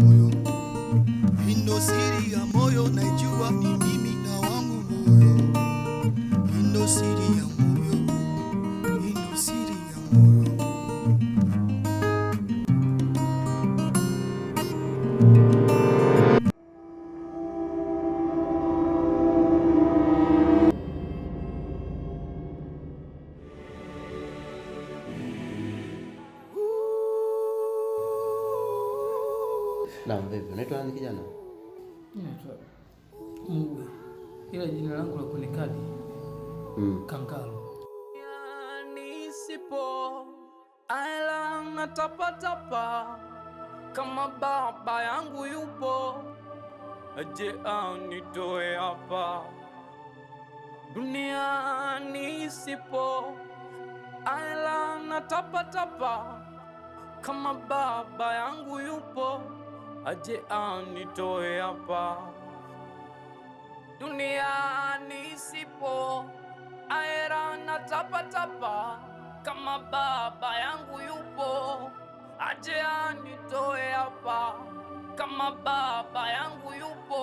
moyo, hii siri ya moyo naijua mimi. upo aela na tapatapa kama baba yangu yupo, aje anitoe hapa duniani isipo aela na tapatapa kama baba yangu yupo, aje anitoe hapa duniani isipo aela na tapatapa kama baba yangu yupo, aje anitoe hapa, kama baba yangu yupo,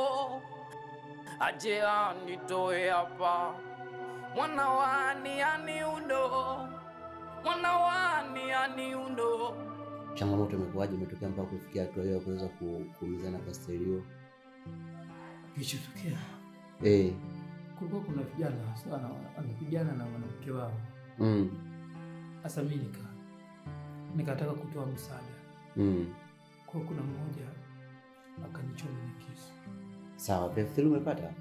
aje anitoe hapa. Mwana wani ani uno, mwana wani ani uno. Changamoto imekuwaje? Imetokea mpaka kufikia hatua hiyo ya kuweza kuumizana kwa stereo. Kilichotokea eh, kulikuwa kuna vijana sana wanapigana na mwanamke wao mm. Hasa mimi nika nikataka kutoa msaada mm. Kwa kuna mmoja akanichoma na kisu. Sawa, PF3 umepata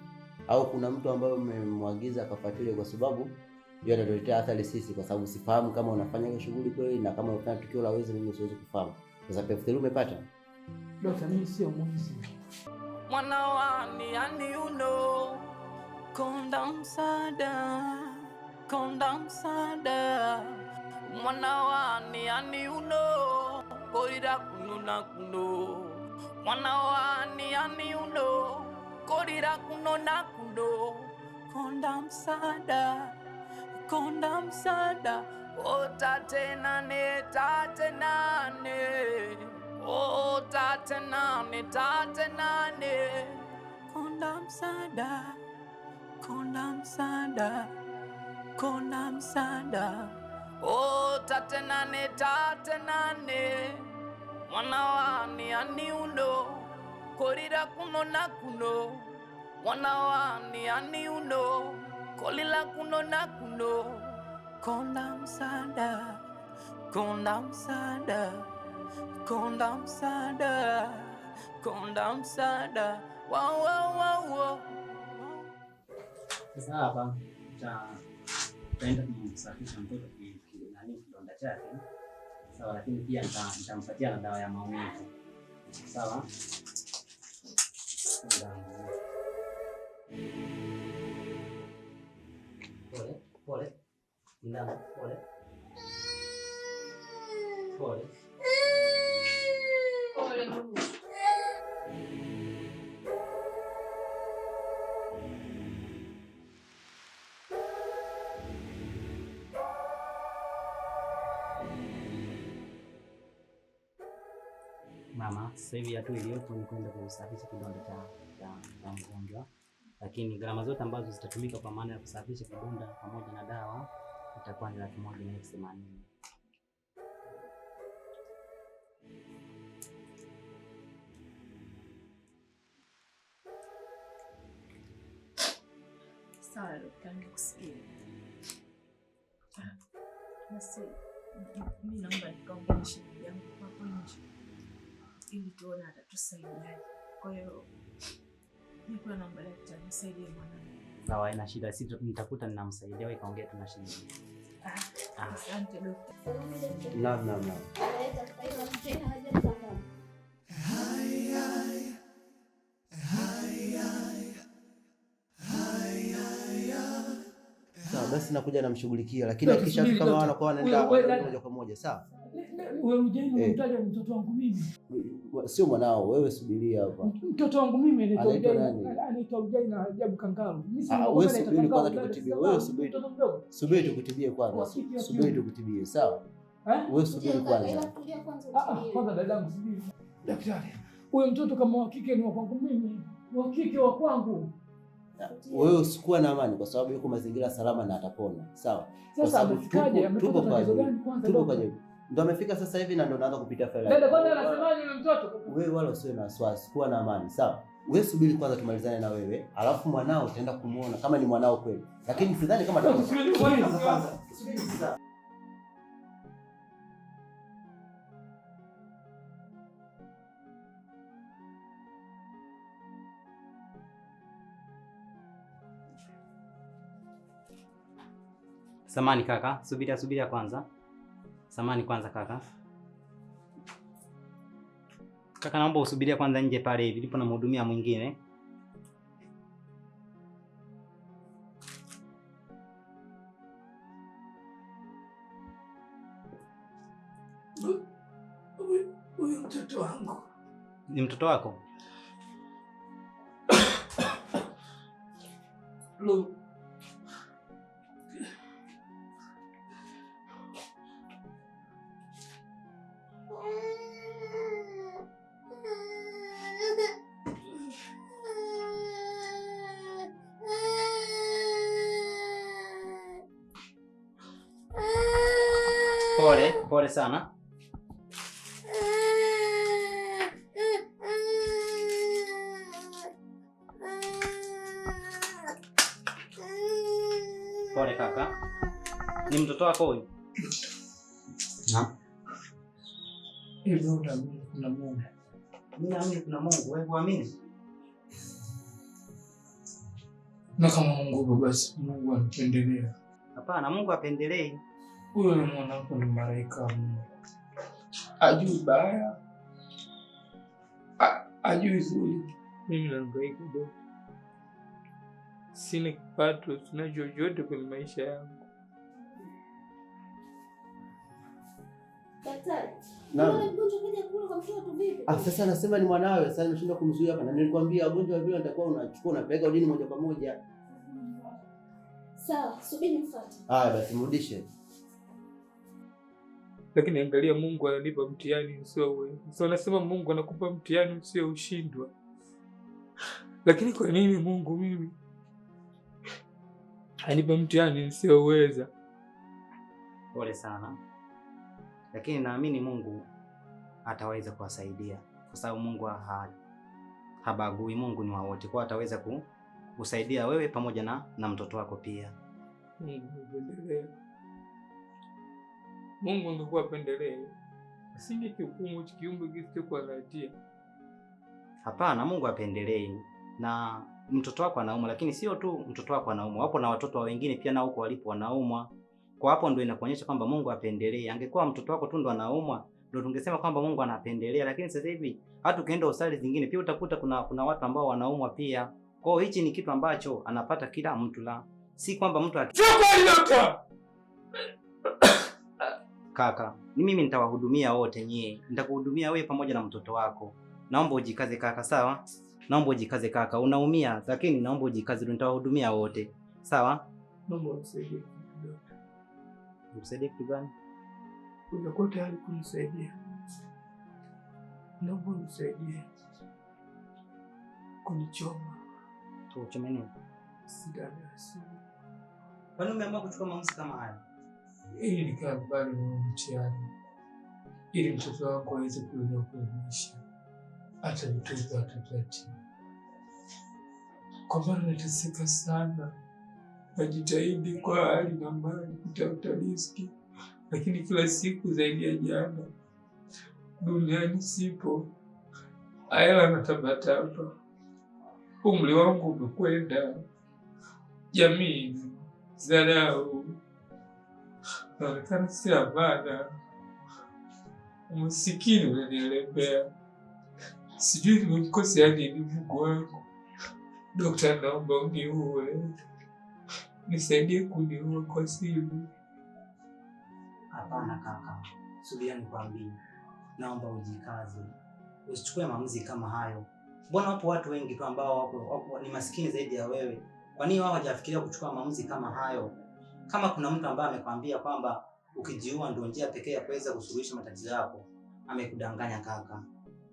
au kuna mtu ambaye umemwagiza akafuatilie, kwa sababu hiyo atatuletea athari sisi, kwa sababu sifahamu kama unafanya hiyo shughuli kweli, na kama unafanya tukio la wizi, mimi siwezi kufahamu. Sasa PF3 umepata Dokta, mimi sio mwizi mwana wani yani, uno konda msaada, konda msaada mwana wani ani uno korira kunona kuno mwana wani ani uno korira kunona kuno konda msada konda msada o tate nane tate nane o tate nane tate nane konda msada konda msada konda msada O tate nane, tate nane, mwana wani ani uno kolila kuno na kuno, mwana wani ani uno kolila kuno na kuno, konda msada konda msada konda msada konda wa wao wa wa sasa hapa utaenda kumsafisha mtoto chake sawa, lakini pia nitampatia na dawa ya maumivu sawa. Pole pole, pole pole. Sasa hivi hatua iliyopo ni kwenda kusafisha kidonda cha mgonjwa, lakini gharama zote ambazo zitatumika kwa maana ya kusafisha kidonda pamoja na dawa itakuwa ni laki moja na elfu themanini. Sawa, ah, Basi mimi naomba nikaongee na shemeji yangu hapo nje ili tuone atatusaidiaje. Kwa hiyo nikuwa naomba daktari nisaidie mwanangu. Sawa, ina shida, si nitakuta ninamsaidia, wewe kaongea, tuna shida. Ah, Asante daktari. basi nakuja namshughulikia, lakini akisha kama wanakuwa wanaenda moja kwa moja. Sawa, wewe unajeni, eh. unamtaja mtoto wangu mimi sio mwanao wewe, subiria hapa. Mtoto wangu mimi anaitwa Ujaina Ajabu Kangaru. Ah, subiri kwanza tukutibie wewe, subiri tukutibie kwanza, subiri tukutibie sawa. Eh? Wewe subiri kwanza. Ah, ah, kwanza dadangu, subiri. Daktari, huyo mtoto kama wa kike ni wa kwangu mimi, wa kike wa kwangu wewe usikuwa na amani kwa sababu yuko mazingira salama na atapona. Sawa, Sasa sababu tupo kwenye ndo amefika sasa hivi na ndo naanza kupitia faila. Dada kwani anasemaje yule mtoto? Wewe wala usiwe na wasiwasi, kuwa na amani, sawa? Wewe subiri kwanza tumalizane na wewe, alafu mwanao utaenda kumuona kama ni mwanao kweli. Lakini sidhani kama subiri kwanza. Subiri sasa. Samani kaka, subiria subiria kwanza. Samani kwanza kaka. Kaka, naomba usubiria kwanza nje pale hivi, na mhudumia mwingine. Huyu mtoto wangu ni mtoto wako? sana. Pole kaka. Ni mtoto wako huyu? Kuna Mungu. Mimi kuna Mungu, Na kama Mungu basi Mungu anapendelea. Hapana, Mungu apendelei huyo mwanangu ni malaika, ajui baya, ajui zuri. Mimi naangaika do, sina kipato, sina chochote kwenye maisha yangu. Ah, sasa anasema ni mwanawe. Sasa nimeshindwa kumzuia hapa, na nilikwambia wagonjwa wavile nitakuwa unachukua unapeleka udini moja kwa moja. Sawa, subiri nifuate. Haya basi, mrudishe lakini angalia, Mungu ananipa mtihani usio wewe. So anasema Mungu anakupa mtihani usio ushindwa, lakini kwa nini Mungu mimi anipa mtihani nsioweza? Pole sana, lakini naamini Mungu ataweza kuwasaidia kwa sababu Mungu ha, habagui. Mungu ni wa wote, kwa ataweza kusaidia wewe pamoja na, na mtoto wako pia. Endelea. Mungu angekuwa apendelee asinge kihukumu hichi kiumbe kisichokuwa na hatia. Hapana, Mungu apendelei na mtoto wako anaumwa, lakini sio tu mtoto wako anaumwa, wapo na watoto wa wengine pia nao huko walipo wanaumwa. Kwa hapo ndio inakuonyesha kwamba Mungu apendelee. Angekuwa mtoto wako tu ndo anaumwa, ndio tungesema kwamba Mungu anapendelea, lakini sasa hivi hata ukienda usali zingine pia utakuta kuna kuna watu ambao wanaumwa pia. Kwa hiyo hichi ni kitu ambacho anapata kila mtu, la si kwamba mtu Kaka, ni mimi nitawahudumia wote nyie, nitakuhudumia wewe pamoja na mtoto wako. Naomba ujikaze kaka, sawa? Naomba ujikaze kaka, unaumia lakini naomba ujikaze, nitawahudumia wote sawa? Naomba unisaidie kidogo. Unisaidie kitu gani? Ungekuwa tayari kunisaidia, naomba unisaidie kunichoma. Tuchome nini? Sindano. Kwani umeamua kuchukua maamuzi kama haya? ili nikakubali huu mtihani, ili mtoto wangu aweze kuweza kuelimisha hata mtoto watoto Kwa maana nateseka sana, najitahidi kwa hali na mali kutafuta riziki, lakini kila siku zaidi ya jana duniani sipo, hela natabataba, umri wangu umekwenda, jamii zarau naonekana si amana, umasikini unanielembea, sijui nimemkosea yaani nini Mungu wangu. Dokta, naomba uniue, nisaidie kuniua kwa simu. Hapana kaka, subiri nikwambie, naomba ujikaze, usichukue maamuzi kama hayo. Mbona wapo watu wengi tu ambao wako ni masikini zaidi ya wewe, kwa nini wao hawajafikiria kuchukua maamuzi kama hayo? Kama kuna mtu ambaye amekwambia kwamba ukijiua ndio njia pekee ya kuweza kusuluhisha matatizo yako, amekudanganya kaka.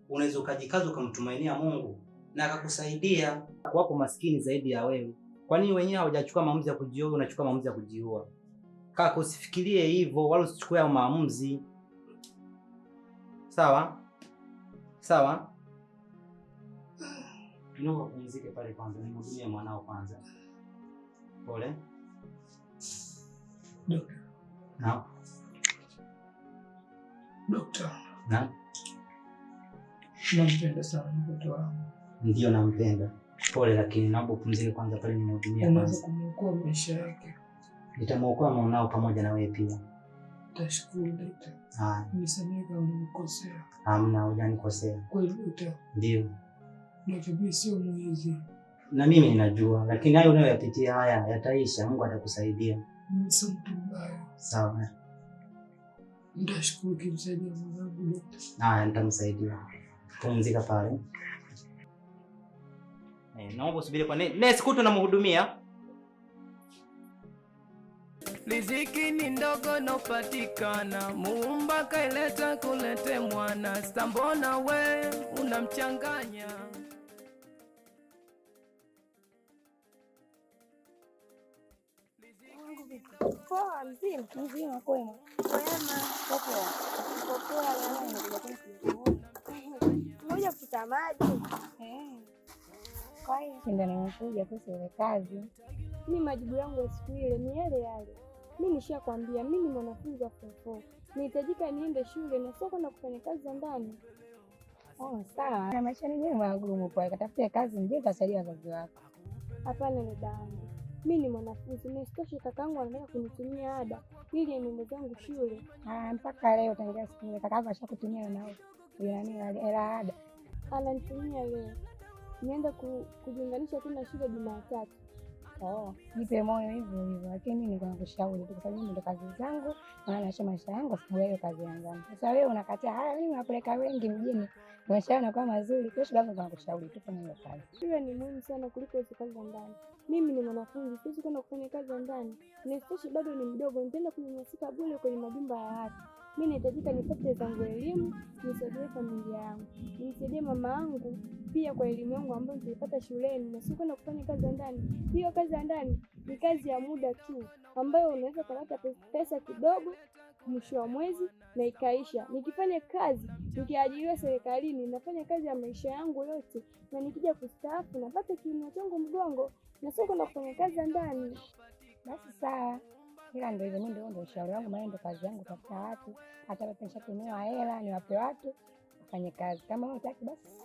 Unaweza ukajikaza ukamtumainia Mungu na akakusaidia. Wako maskini zaidi ya wewe. Kwa nini wenyewe hawajachukua maamuzi ya kujiua, unachukua maamuzi ya kujiua? Kaka, usifikirie hivyo wala usichukue hayo maamuzi. Sawa sawa, pumzike pale kwanza, nimhudumie mwanao kwanza. Pole. Dokta. Nampenda sana mtoto wangu. Ndio nampenda. Pole lakini naomba upumzike kwanza pale nimehudumia. kwanza. Unaweza kumwokoa maisha yake. Nitamuokoa mwanao pamoja na wewe pia. Tashukuru dokta. Ah. Nisamehe kama nimekosea. Hamna, hujanikosea. Kweli dokta. Ndio. Na tabia sio mwizi. Na mimi ninajua, lakini hayo unayoyapitia haya yataisha. Mungu atakusaidia si mtu mbaya. Sawa, ntashukuru kimsaidia mwanangu. Haya, nitamsaidia. Pumzika pale, eh, naomba usubiri kwa nesi kutu namhudumia. Riziki ni ndogo nopatikana, Muumba kaileta kulete mwana, sambona we unamchanganya Poa, mzima mzima, kwema moja kuta maji. Kwa hiyo ndio nimekuja kuhusu ile kazi. ni majibu yangu ya siku ile ni yale yale. Mimi nishakwambia mi ni mwanafunzi wa form nihitajika niende shule na sio kwenda kufanya kazi za ndani. Oh, sawa. Na maisha ni magumu, kwa katafutia kazi ndio itasaidia wazazi wako. Hapana, dada mi ni mwanafunzi nisitoshe, kakaangu anataka kunitumia ada ili niende zangu shule. Ah, mpaka leo tangia siku kakaangu ashakutumia nao hela ada? Ananitumia leo, nienda kujiunganisha tena shule Jumatatu. Oh, nipe moyo hivyo hivyo, lakini mimi niko nakushauri kwa sababu ndo kazi zangu, maana nasha maisha yangu, hiyo kazi yangu. Sasa wewe unakataa haya, mimi nakuleka wengi mjini maisha yanakuwa mazuri. Kesho labda tunakushauri tufanye hiyo kazi. Shule ni muhimu sana kuliko hizo kazi za ndani. Mimi ni mwanafunzi, siwezi kwenda kufanya kazi za ndani, naistoshi bado ni mdogo, nitaenda kunyanyasika bure kwenye majumba ya watu. Mi nahitajika nipate zangu elimu, nisaidie familia yangu, nimsaidie mama yangu pia kwa elimu yangu ambayo nitaipata shuleni, na sio kwenda kufanya kazi za ndani. Hiyo kazi ya ndani ni kazi ya muda tu, ambayo unaweza kupata pesa kidogo mwisho wa mwezi na ikaisha. Nikifanya kazi nikiajiriwa serikalini, nafanya kazi ya maisha yangu yote, na nikija kustaafu napata kiinua changu mgongo, na sio kwenda kufanya kazi ya ndani. Basi sawa, ila ndio hivyo, ndio ndio ushauri wangu, maana ndio kazi yangu. Tafuta watu, hata kama nishakunoa hela niwape watu wafanye kazi, kama utaki. basi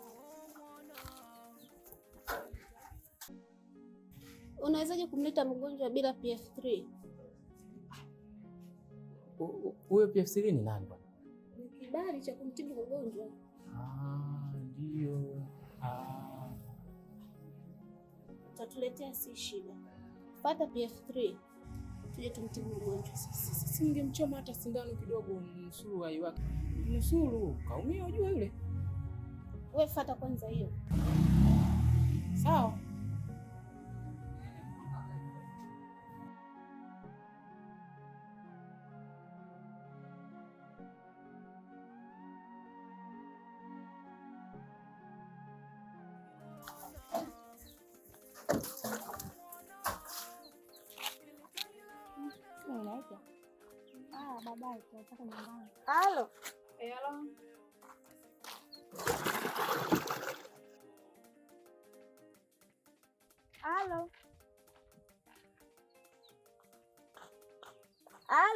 unawezaje kumleta mgonjwa bila PF3? Huyo PF Siri ni nani bwana? Ni kibali cha kumtibu mgonjwa. Ah, ndio. Ah. Tatuletea si shida. pata PF3. Tuje tumtibu mgonjwa. Sisi ningemchoma hata sindano kidogo nusuru hai wake. Nusuru kaumia, ujue yule. Wewe fuata kwanza hiyo. Sawa.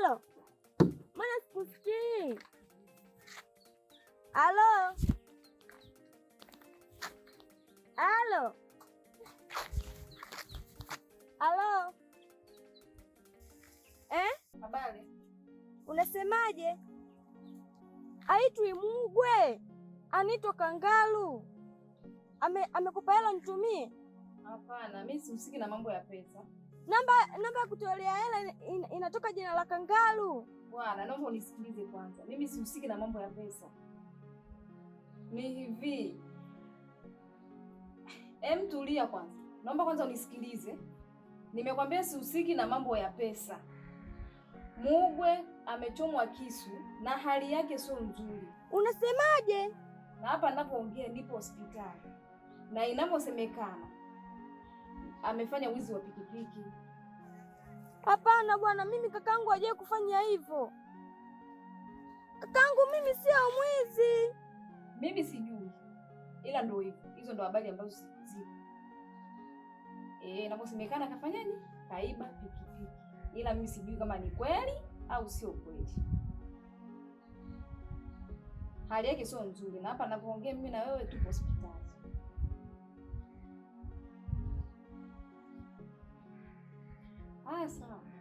Aló Anasemaje? aitwi Mugwe anaitwa Kangalu. Amekupa hela nitumie? Hapana, mimi sihusiki na mambo ya pesa. Namba namba ya kutolea hela in, inatoka jina la Kangalu. Bwana, naomba unisikilize kwanza, mimi sihusiki na mambo ya pesa. Ni hivi, em, tulia kwanza, naomba kwanza unisikilize. Nimekwambia sihusiki na mambo ya pesa. Mugwe amechomwa kisu na hali yake sio nzuri. Unasemaje? Na hapa ninapoongea ndipo hospitali, na inavyosemekana amefanya wizi wa pikipiki. Hapana bwana, mimi kakangu aje kufanya hivyo. Kakangu mimi sio mwizi. Mimi sijui, ila ndio hivyo, hizo ndo habari ambazo zipo. Eh, inavyosemekana kafanyaje? Kaiba pikipiki, ila mimi sijui kama ni kweli au sio kweli? Hali yake sio nzuri, na hapa ninapoongea mimi na wewe tupo hospitali. Haya, sawa.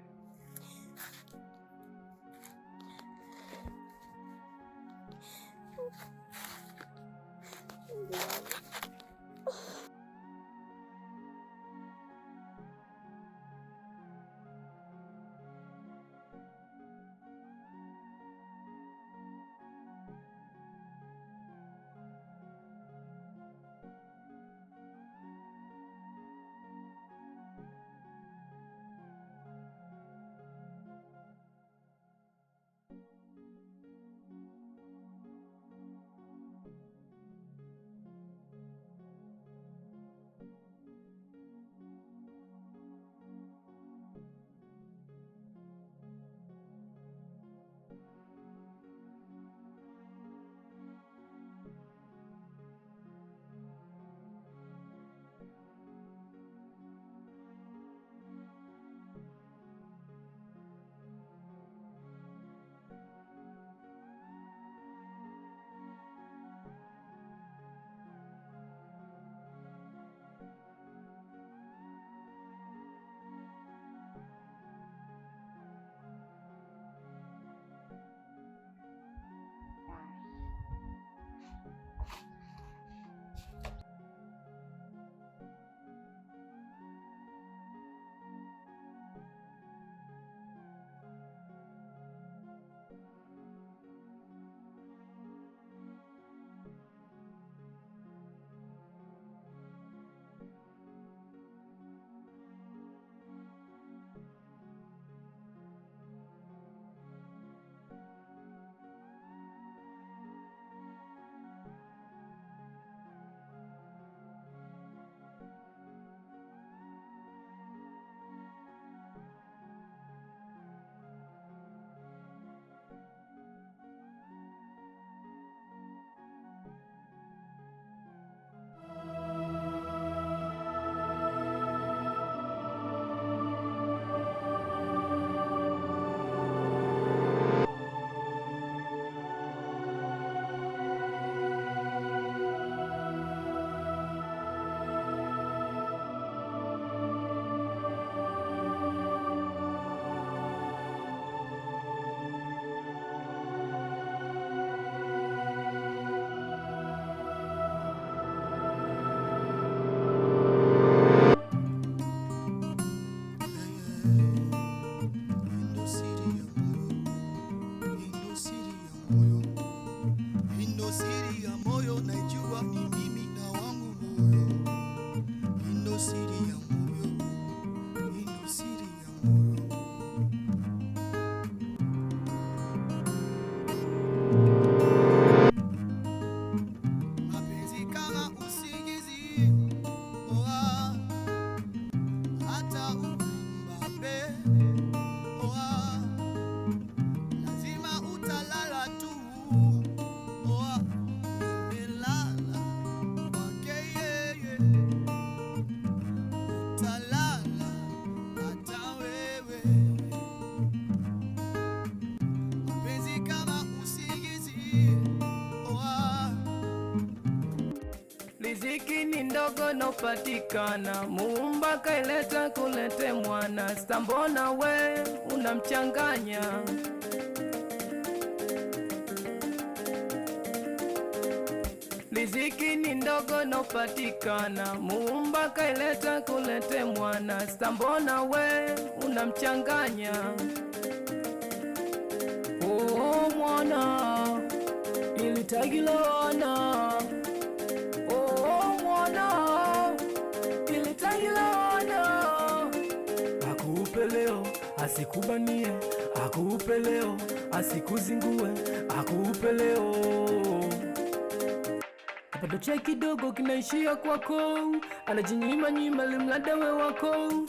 unaopatikana muumba kaileta kulete mwana stambona we unamchanganya liziki ni ndogo nopatikana muumba kaileta kulete mwana stambona we unamchanganya oh, mwana ilitagilona asikubanie, akuupe leo, asikuzingue, akuupe leo. Kipato chake kidogo kinaishia kwako, anajinyima nyima limlada we wako